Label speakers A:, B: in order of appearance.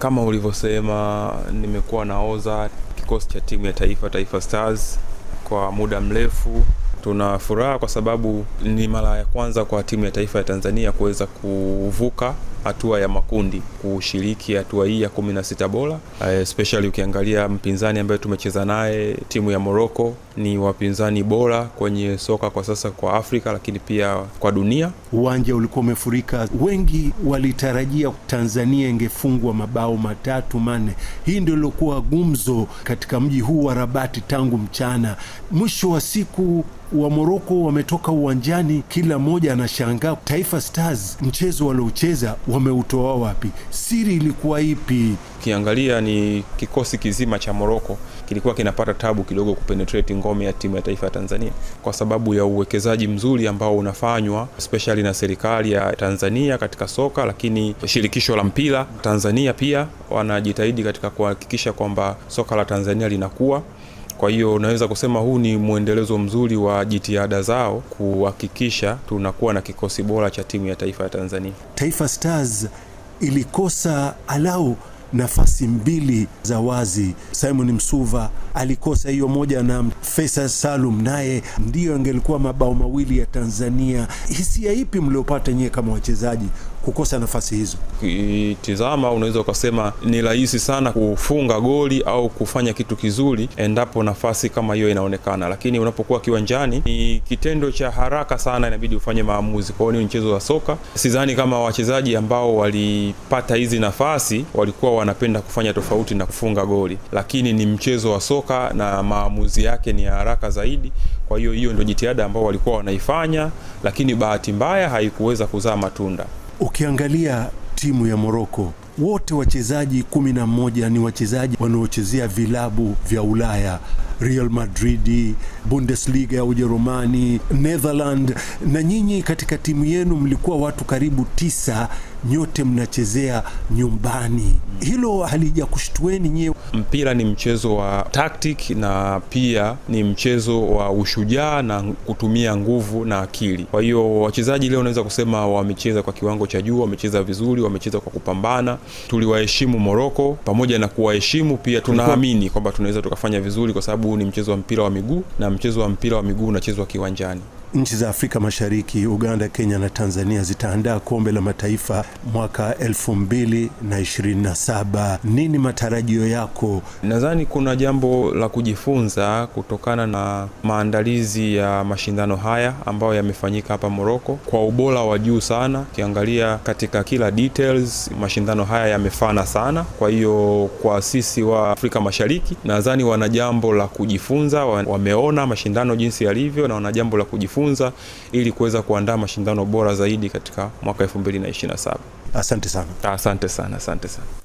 A: Kama ulivyosema, nimekuwa naoza kikosi cha timu ya taifa Taifa Stars kwa muda mrefu. Tuna furaha kwa sababu ni mara ya kwanza kwa timu ya taifa ya Tanzania kuweza kuvuka hatua ya makundi kushiriki hatua hii ya kumi na sita bora, eh, especially ukiangalia mpinzani ambaye tumecheza naye timu ya moroko ni wapinzani bora kwenye soka kwa sasa kwa Afrika, lakini pia kwa dunia.
B: Uwanja ulikuwa umefurika, wengi walitarajia Tanzania ingefungwa mabao matatu manne. Hii ndio iliokuwa gumzo katika mji huu wa Rabati tangu mchana. Mwisho wa siku wa Moroko wametoka uwanjani, kila mmoja anashangaa Taifa Stars mchezo waliocheza wameutoa wapi? Siri ilikuwa ipi?
A: Ukiangalia ni kikosi kizima cha Moroko kilikuwa kinapata tabu kidogo kupenetrate ngome ya timu ya taifa ya Tanzania kwa sababu ya uwekezaji mzuri ambao unafanywa especially na serikali ya Tanzania katika soka, lakini shirikisho la mpira Tanzania pia wanajitahidi katika kuhakikisha kwamba soka la Tanzania linakuwa kwa hiyo unaweza kusema huu ni mwendelezo mzuri wa jitihada zao kuhakikisha tunakuwa na kikosi bora cha timu ya taifa ya Tanzania.
B: Taifa Stars ilikosa alau nafasi mbili za wazi. Simon Msuva alikosa hiyo moja, na Faisal Salum naye ndiyo angelikuwa mabao mawili ya Tanzania. Hisia ipi mliopata nyie kama wachezaji kukosa nafasi hizo.
A: kitizama unaweza ukasema ni rahisi sana kufunga goli au kufanya kitu kizuri endapo nafasi kama hiyo inaonekana, lakini unapokuwa kiwanjani ni kitendo cha haraka sana, inabidi ufanye maamuzi. Kwa hiyo ni mchezo wa soka. Sidhani kama wachezaji ambao walipata hizi nafasi walikuwa wanapenda kufanya tofauti na kufunga goli, lakini ni mchezo wa soka na maamuzi yake ni ya haraka zaidi. Kwa hiyo hiyo ndio jitihada ambao walikuwa wanaifanya, lakini bahati mbaya haikuweza kuzaa matunda.
B: Ukiangalia timu ya Moroko wote wachezaji kumi na mmoja ni wachezaji wanaochezea vilabu vya Ulaya Real Madrid, Bundesliga ya Ujerumani, Netherland. Na nyinyi katika timu yenu mlikuwa watu karibu tisa, nyote mnachezea nyumbani. Hilo halijakushtueni nyewe?
A: Mpira ni mchezo wa tactic na pia ni mchezo wa ushujaa na kutumia nguvu na akili. Kwa hiyo wachezaji leo naweza kusema wamecheza kwa kiwango cha juu, wamecheza vizuri, wamecheza kwa kupambana. Tuliwaheshimu Moroko, pamoja na kuwaheshimu pia tunaamini kwamba tunaweza tukafanya vizuri kwa sababu huu ni mchezo wa mpira wa miguu na mchezo wa mpira wa miguu unachezwa kiwanjani
B: nchi za Afrika Mashariki, Uganda, Kenya na Tanzania zitaandaa kombe la mataifa mwaka 2027. Nini matarajio yako?
A: Nadhani kuna jambo la kujifunza kutokana na maandalizi ya mashindano haya ambayo yamefanyika hapa Moroko kwa ubora wa juu sana. Ukiangalia katika kila details, mashindano haya yamefana sana. Kwa hiyo kwa sisi wa Afrika Mashariki nadhani wana jambo la kujifunza, wameona mashindano jinsi yalivyo na wana jambo la kujifunza kujifunza ili kuweza kuandaa mashindano bora zaidi katika mwaka 2027. Asante sana. Asante sana, asante sana.